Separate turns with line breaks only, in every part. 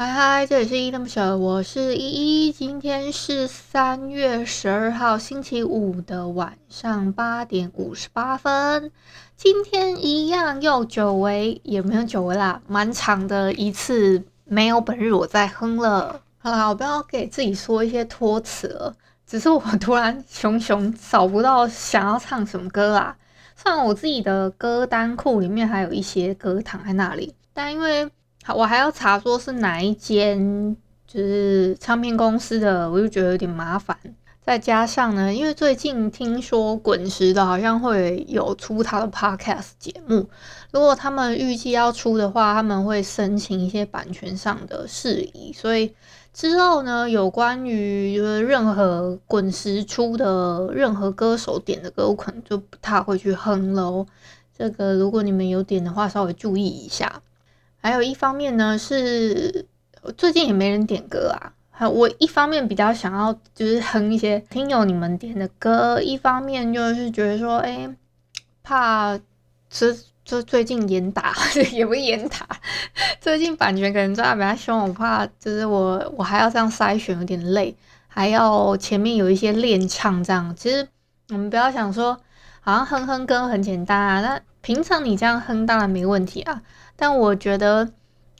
嗨嗨，這裡是一那麼小。我是依依。今天是三月十二號星期五的晚上八點五十八分。今天一樣又久違，也沒有久違啦，蠻長的一次沒有本日我在哼了。好啦，我不要給自己說一些託詞了，只是我突然熊熊找不到想要唱什麼歌啊。雖然我自己的歌單庫裡面還有一些歌躺在那裡，但因為我還要查說是哪一間，就是唱片公司的，我就覺得有點麻煩。再加上呢，因為最近聽說滾石的好像會有出他的 podcast 節目，如果他們預計要出的話，他們會申請一些版權上的事宜。所以之後呢，有關於就是任何滾石出的任何歌手點的歌，我可能就不太會去哼嘍。這個如果你們有點的話，稍微注意一下。還有一方面呢，是最近也沒人點歌啊。還我一方面比較想要就是哼一些聽友你們點的歌，一方面就是覺得說，誒、欸、怕這這最近嚴打 也不嚴打，最近版權可能抓得比較凶，我怕就是我我還要這樣篩選有點累，還要前面有一些練唱這樣。其實我們不要想說，好像哼哼歌很簡單啊，那平常你這樣哼當然沒問題啊。但我覺得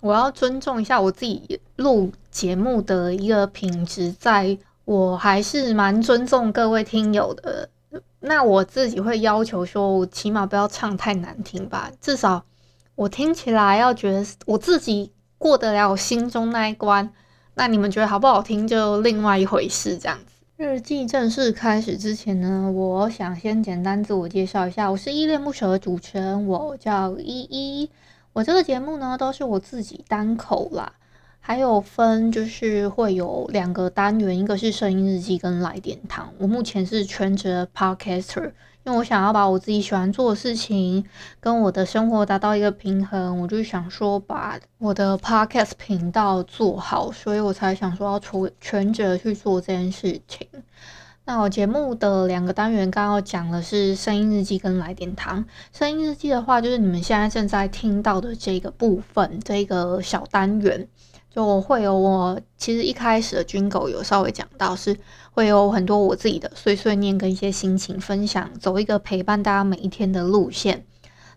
我要尊重一下我自己錄節目的一個品質，在我還是蠻尊重各位聽友的。那我自己會要求說，我起碼不要唱太難聽吧，至少我聽起來要覺得我自己過得了我心中那一關。那你們覺得好不好聽就另外一回事。這樣子，日記正式開始之前呢，我想先簡單自我介紹一下，我是依戀不捨的主持人，我叫依依。我這個節目呢，都是我自己單口啦，還有分就是會有兩個單元，一個是聲音日記跟來點糖。我目前是全職 podcaster，因為我想要把我自己喜歡做的事情，跟我的生活達到一個平衡，我就想說把我的 podcast 頻道做好，所以我才想說要出全職去做這件事情。那我節目的兩個單元，剛剛講的是聲音日記跟來點糖。聲音日記的話，就是你們現在正在聽到的這個部分，這個小單元，就會有我其實一開始的 jingle 有稍微講到，是會有很多我自己的碎碎念跟一些心情分享，走一個陪伴大家每一天的路線。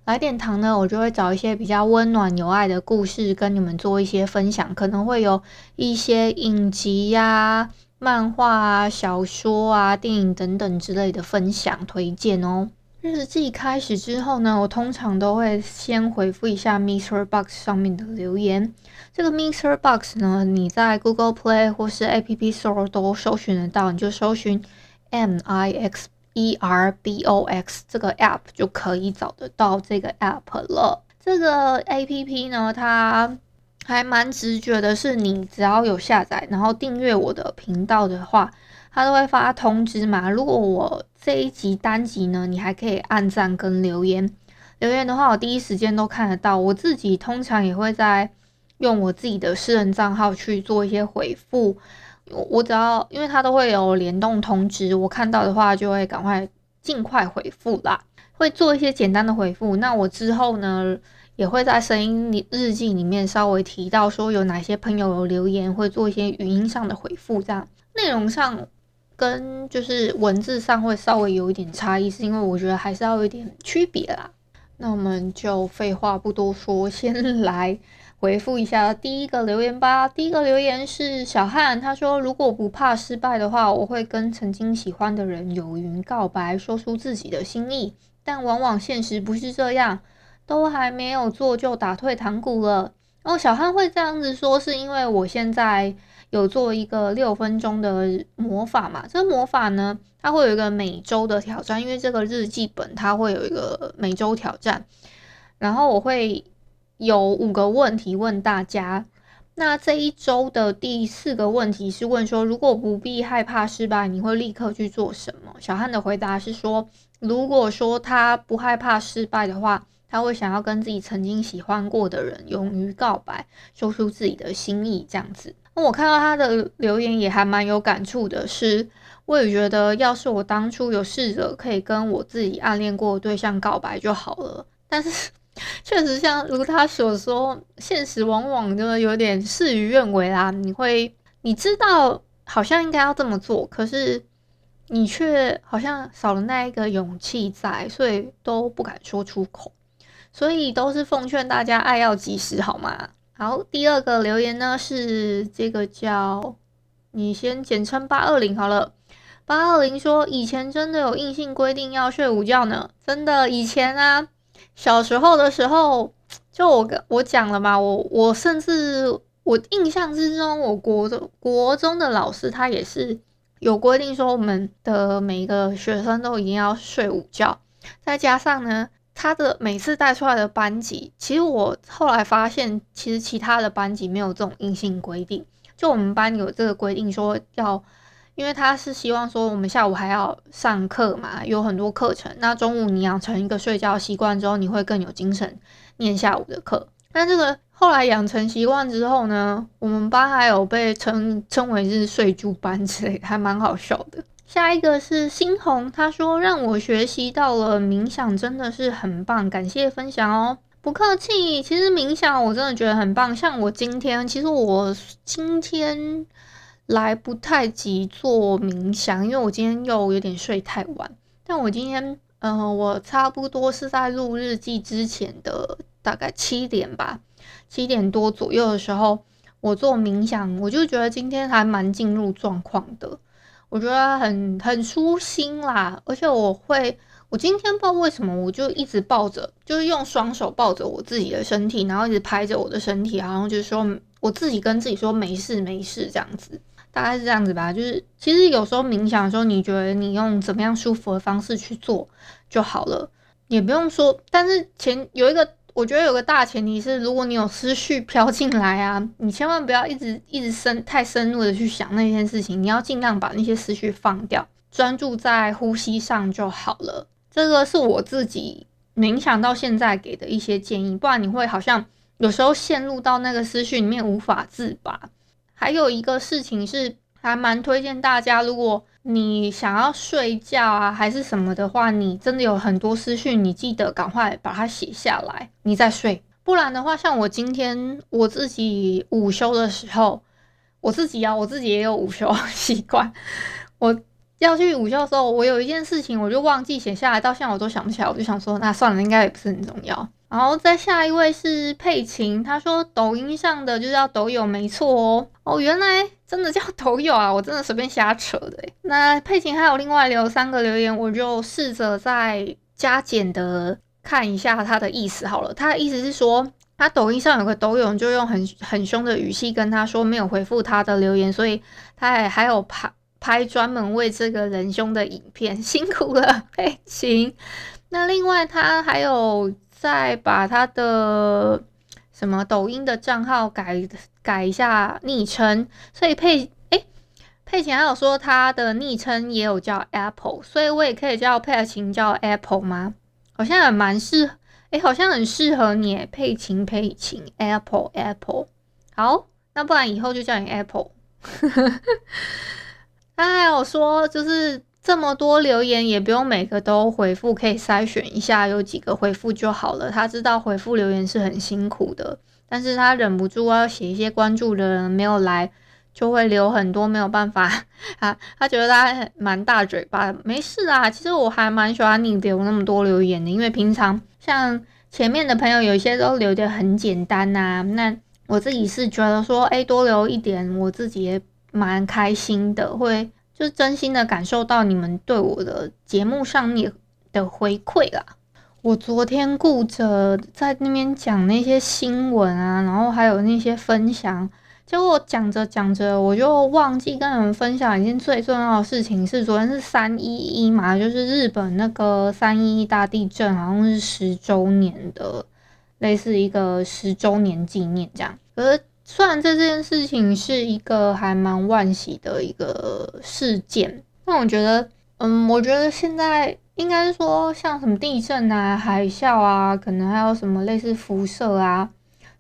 來點糖呢，我就會找一些比較溫暖有愛的故事跟你們做一些分享，可能會有一些影集呀、啊。漫畫啊、小說啊、電影等等之類的分享推薦哦。日記開始之後呢，我通常都會先回復一下 MixerBox 上面的留言。這個 MixerBox 呢，你在 Google Play 或是 App Store 都搜尋得到，你就搜尋 M-I-X-E-R-B-O-X 這個 App 就可以找得到這個 App 了。這個 App 呢，它還蠻直覺的，是你只要有下載，然後訂閱我的頻道的話，它都會發通知嘛。如果我這一集單集呢，你還可以按讚跟留言，留言的話我第一時間都看得到。我自己通常也會再用我自己的私人賬號去做一些回復。我只要因為它都會有聯動通知，我看到的話就會趕快儘快回復啦，會做一些簡單的回復。那我之後呢，也會在聲音日記裡面稍微提到，說有哪些朋友有留言，會做一些語音上的回復，這樣內容上跟就是文字上會稍微有一點差異，是因為我覺得還是要有點區別啦。那我們就廢話不多說，先來回復一下第一個留言吧。第一個留言是小漢，他說：“如果不怕失敗的話，我會跟曾經喜歡的人有云告白，說出自己的心意，但往往現實不是這樣。”都還沒有做就打退堂鼓了。哦，然後小漢會這樣子說，是因為我現在有做一個六分鐘的魔法嘛？這個魔法呢，它會有一個每周的挑戰，因為這個日記本它會有一個每周挑戰。然後我會有五個問題問大家。那這一周的第四個問題是問說，如果不必害怕失敗，你會立刻去做什麼？小漢的回答是說，如果說他不害怕失敗的話。他會想要跟自己曾經喜歡過的人勇於告白，說出自己的心意，這樣子。那我看到他的留言也還蠻有感觸的，是我也覺得，要是我當初有試着可以跟我自己暗戀過的對象告白就好了。但是確實像如他所說，現實往往就有點事與願違啦。你會你知道好像應該要這麼做，可是你卻好像少了那一個勇氣在，所以都不敢說出口。所以都是奉勸大家，愛要及時，好嗎？好，第二個留言呢是，這個叫你先簡稱八二零好了。八二零說，以前真的有硬性規定要睡午覺呢，真的以前啊，小時候的時候，就我跟我講了嘛，我我甚至我印象之中，我國的國中的老師他也是有規定說，我們的每一個學生都一定要睡午覺，再加上呢。他的每次帶出來的班級，其實我後來發現，其實其他的班級沒有這種硬性規定，就我們班有這個規定，說要，因為他是希望說我們下午還要上課嘛，有很多課程，那中午你養成一個睡覺習慣之後，你會更有精神念下午的課。但這個後來養成習慣之後呢，我們班還有被稱稱為是“睡豬班”之類的，還蠻好笑的。下一個是新紅，他說讓我學習到了冥想，真的是很棒，感謝分享哦。不客氣，其實冥想我真的覺得很棒。像我今天，其實我今天來不太及做冥想，因為我今天又有點睡太晚。但我今天，嗯、呃，我差不多是在錄日記之前的大概七點吧，七點多左右的時候，我做冥想，我就覺得今天還蠻進入狀況的。我覺得很很舒心啦，而且我會，我今天不知道為什麼，我就一直抱着，就是用雙手抱着我自己的身體，然後一直拍着我的身體，好像就是說我自己跟自己說沒事沒事這樣子，大概是這樣子吧。就是其實有時候冥想的時候，你覺得你用怎麼樣舒服的方式去做就好了，也不用說。但是前有一個。我覺得有個大前提是，如果你有思緒飄進來啊，你千萬不要一直一直深太深入的去想那件事情，你要盡量把那些思緒放掉，專注在呼吸上就好了。這個是我自己冥想到現在給的一些建議，不然你會好像有時候陷入到那個思緒裡面無法自拔。還有一個事情是，還蠻推薦大家，如果你想要睡覺啊，還是什麼的話，你真的有很多思緒，你記得趕快把它寫下來，你再睡。不然的話，像我今天我自己午休的時候，我自己啊，我自己也有午休習慣。 我要去午休的時候，我有一件事情我就忘記寫下來，到現在我都想不起來。我就想說，那算了，應該也不是很重要。然後再下一位是佩琴，他說抖音上的就叫抖友，沒錯哦。哦，原來。真的叫抖友啊，我真的隨便瞎扯的欸。那佩琴還有另外留三個留言，我就試着再加減的看一下他的意思好了。他的意思是說，他抖音上有個抖友就用很很凶的語氣跟他說沒有回復他的留言，所以他還還有拍拍專門為這個人凶的影片，辛苦了佩琴。那另外他還有再把他的。什麼抖音的賬號改改一下昵稱所以佩誒、欸，佩琴還有說他的昵稱也有叫 Apple，所以我也可以叫佩琴叫 Apple 嗎？好像也蠻適誒，好像很適合你欸，佩琴佩琴 Apple Apple，好，那不然以後就叫你 Apple。他 還有說就是。這麼多留言也不用每個都回復，可以篩選一下，有幾個回復就好了。他知道回復留言是很辛苦的，但是他忍不住要寫一些關注的人沒有來，就會留很多沒有辦法。他、啊、他覺得他還蠻大嘴巴，沒事啊。其實我還蠻喜歡你留那麼多留言的，因為平常像前面的朋友有些都留的很簡單吶、啊。那我自己是覺得說，誒，多留一點，我自己也蠻開心的，會。就真心的感受到你們對我的節目上面的回饋啦。我昨天顧着在那邊講那些新聞啊，然後還有那些分享，結果我講着講着，我就忘記跟你們分享一件最重要的事情，是昨天是三一一嘛，就是日本那個三一一大地震，好像是十週年的，類似一個十週年紀念這樣，可是。雖然這件事情是一個還蠻惋惜的一個事件，但我覺得，嗯，我覺得現在應該說，像什麼地震啊、海嘯啊，可能還有什麼類似輻射啊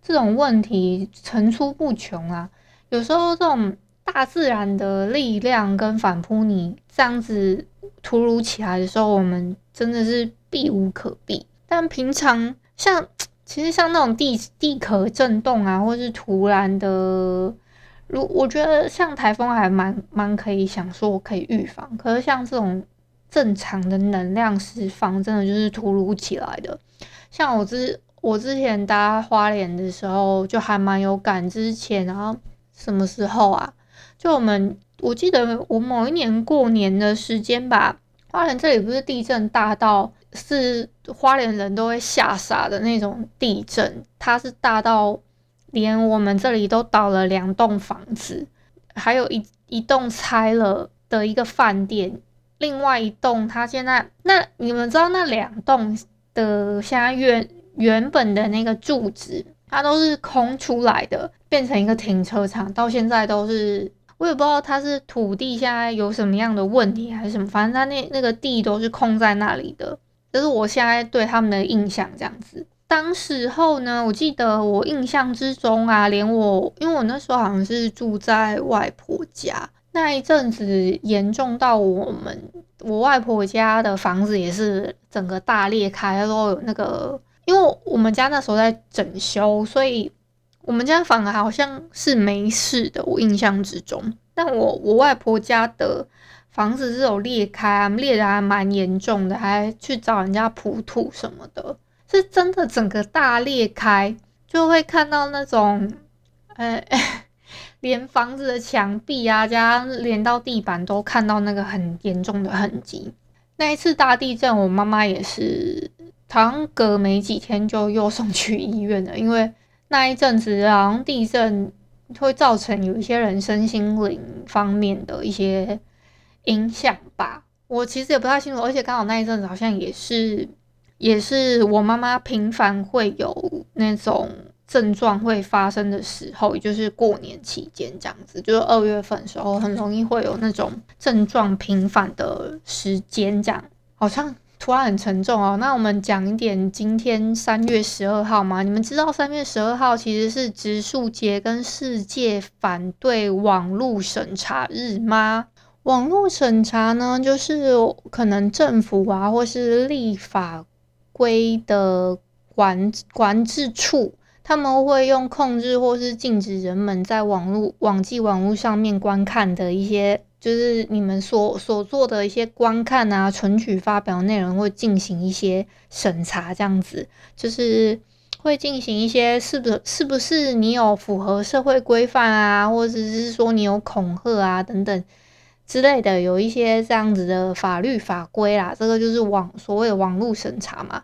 這種問題層出不窮啊。有時候這種大自然的力量跟反撲，你這樣子突如其來的時候，我們真的是避無可避。但平常像……其實像那種地地殼震動啊，或是突然的，如我覺得像颱風還蠻蠻可以，想說我可以預防。可是像這種正常的能量釋放，真的就是突如其來的。的像我之我之前搭花蓮的時候，就還蠻有感。之前然後啊，什麼時候啊？就我們我記得我某一年過年的時間吧，花蓮這裡不是地震大到。是花蓮人都會嚇傻的那種地震，它是大到連我們這裡都倒了兩棟房子，還有一一棟拆了的一個飯店，另外一棟它現在那你們知道那兩棟的現在原原本的那個住址，它都是空出來的，變成一個停車場，到現在都是我也不知道它是土地現在有什麼樣的問題還是什麼，反正它那那個地都是空在那裡的。就是我現在對他們的印象這樣子。當時候呢，我記得我印象之中啊，連我，因為我那時候好像是住在外婆家那一陣子，嚴重到我們我外婆家的房子也是整個大裂開，然後、就是、有那個。因為我們家那時候在整修，所以我們家房子好像是沒事的。我印象之中，但我我外婆家的。房子是有裂開啊，裂的還蠻嚴重的，還去找人家補土什麼的，是真的整個大裂開，就會看到那種，呃、欸，連房子的牆壁啊，加上連到地板都看到那個很嚴重的痕跡。那一次大地震，我媽媽也是，好像隔沒幾天就又送去醫院了，因為那一陣子好像地震會造成有一些人身心靈方面的一些。影響吧，我其實也不太清楚，而且剛好那一陣子好像也是，也是我媽媽頻繁會有那種症狀會發生的時候，也就是過年期間這樣子，就是二月份的時候很容易會有那種症狀頻繁的時間，這樣好像突然很沉重哦。那我們講一點，今天三月十二號嘛，你們知道三月十二號其實是植樹節跟世界反對網絡審查日嗎？網絡審查呢，就是可能政府啊，或是立法規的管管制處，他們會用控制或是禁止人們在網絡、網際網絡上面觀看的一些，就是你們所所做的一些觀看啊、存取、發表內容，會進行一些審查，這樣子，就是會進行一些是不是，是不是你有符合社會規範啊，或者是說你有恐嚇啊等等。之類的，有一些這樣子的法律法規啦，這個就是網所謂的網絡審查嘛。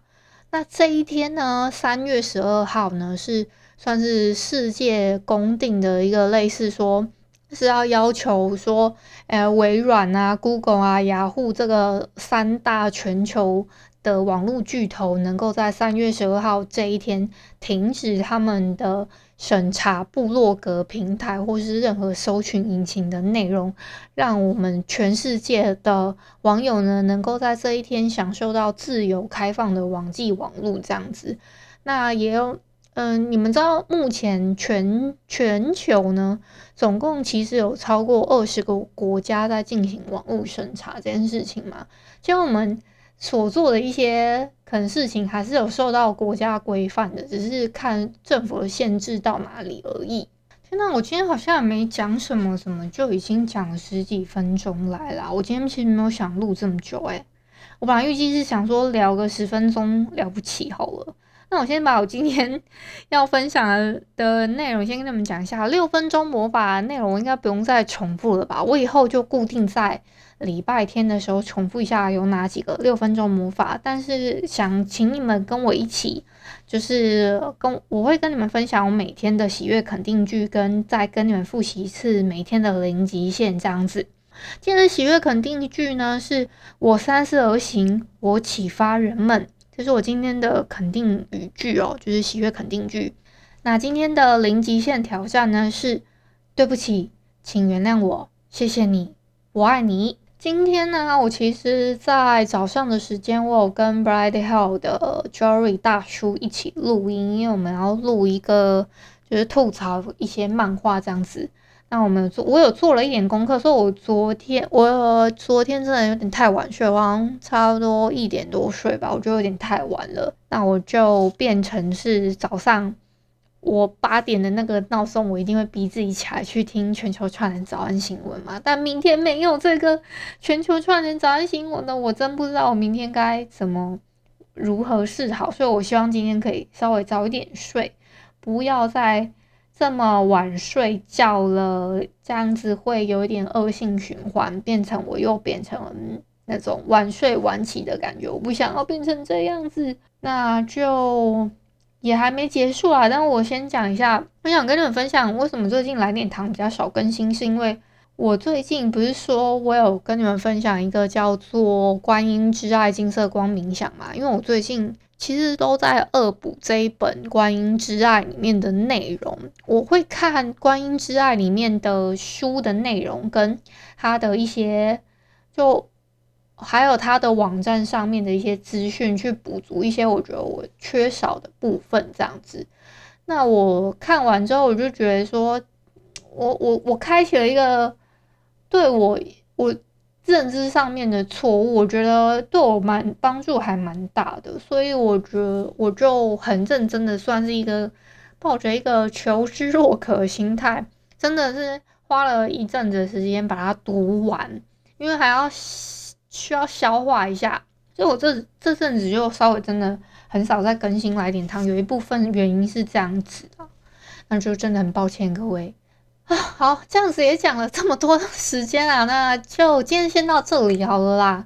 那這一天呢，三月十二號呢，是算是世界公定的一個類似說是要要求說，呃，微軟啊、Google 啊、雅虎這個三大全球的網絡巨頭，能夠在三月十二號這一天停止他們的，審查部落格平台或是任何搜尋引擎的內容，讓我們全世界的網友呢，能夠在這一天享受到自由開放的網際網絡這樣子。那也有，嗯、呃，你們知道目前全全球呢，總共其實有超過二十個國家在進行網路審查這件事情嘛。就我們所做的一些。可能事情還是有受到國家規範的，只是看政府的限制到哪裡而已。天吶，我今天好像也沒講什,什麼，什麼就已經講了十幾分鐘來啦。我今天其實沒有想錄這麼久，欸，誒，我本來預計是想說聊個十分鐘了不起，好了。那我先把我今天要分享的內容先跟你們講一下。六分鐘魔法內容應該不用再重複了吧？我以後就固定在禮拜天的時候重複一下有哪幾個六分鐘魔法。但是想請你們跟我一起，就是跟我會跟你們分享我每天的喜悅肯定句，跟再跟你們複習一次每天的零極限這樣子。今天的喜悅肯定句呢，是我三思而行，我啟發人們。這、就是我今天的肯定語句哦，就是喜悅肯定句。那今天的零極限挑戰呢？是對不起，請原諒我，謝謝你，我愛你。今天呢，我其實，在早上的時間，我有跟 Bride Hell 的 Jory 大叔一起錄音，因為我們要錄一個，就是吐槽一些漫畫這樣子。那我們做，我有做了一點功課。所以，我昨天我昨天真的有點太晚睡，我好像差不多一點多睡吧，我覺得有點太晚了。那我就變成是早上我八點的那個鬧鐘，我一定會逼自己起來去聽全球串聯早安新聞嘛。但明天沒有這個全球串聯早安新聞的，我真不知道我明天該怎麼如何是好。所以我希望今天可以稍微早一點睡，不要再。這麼晚睡覺了，這樣子會有一點惡性循環，變成我又變成那種晚睡晚起的感覺。我不想要變成這樣子，那就也還沒結束啊。但我先講一下，我想跟你們分享為什麼最近來點糖比較少更新，是因為我最近不是說我有跟你們分享一個叫做《觀音之愛金色光冥想》嘛？因為我最近。其實都在惡補這一本《觀音之愛》裡面的內容。我會看《觀音之愛》裡面的書的內容，跟他的一些，就還有他的網站上面的一些資訊，去補足一些我覺得我缺少的部分。這樣子，那我看完之後，我就覺得說我我我開啟了一個對我我。認知上面的錯誤，我覺得對我蠻幫助還蠻大的，所以我覺得我就很認真的，算是一個，抱着一個求知若渴的心態，真的是花了一陣子的時間把它讀完，因為還要需要消化一下，所以我這這陣子就稍微真的很少再更新《來點糖》，有一部分原因是這樣子的，那就真的很抱歉各位。啊、哦，好，這樣子也講了這麼多的時間啊，那就今天先到這裡好了啦。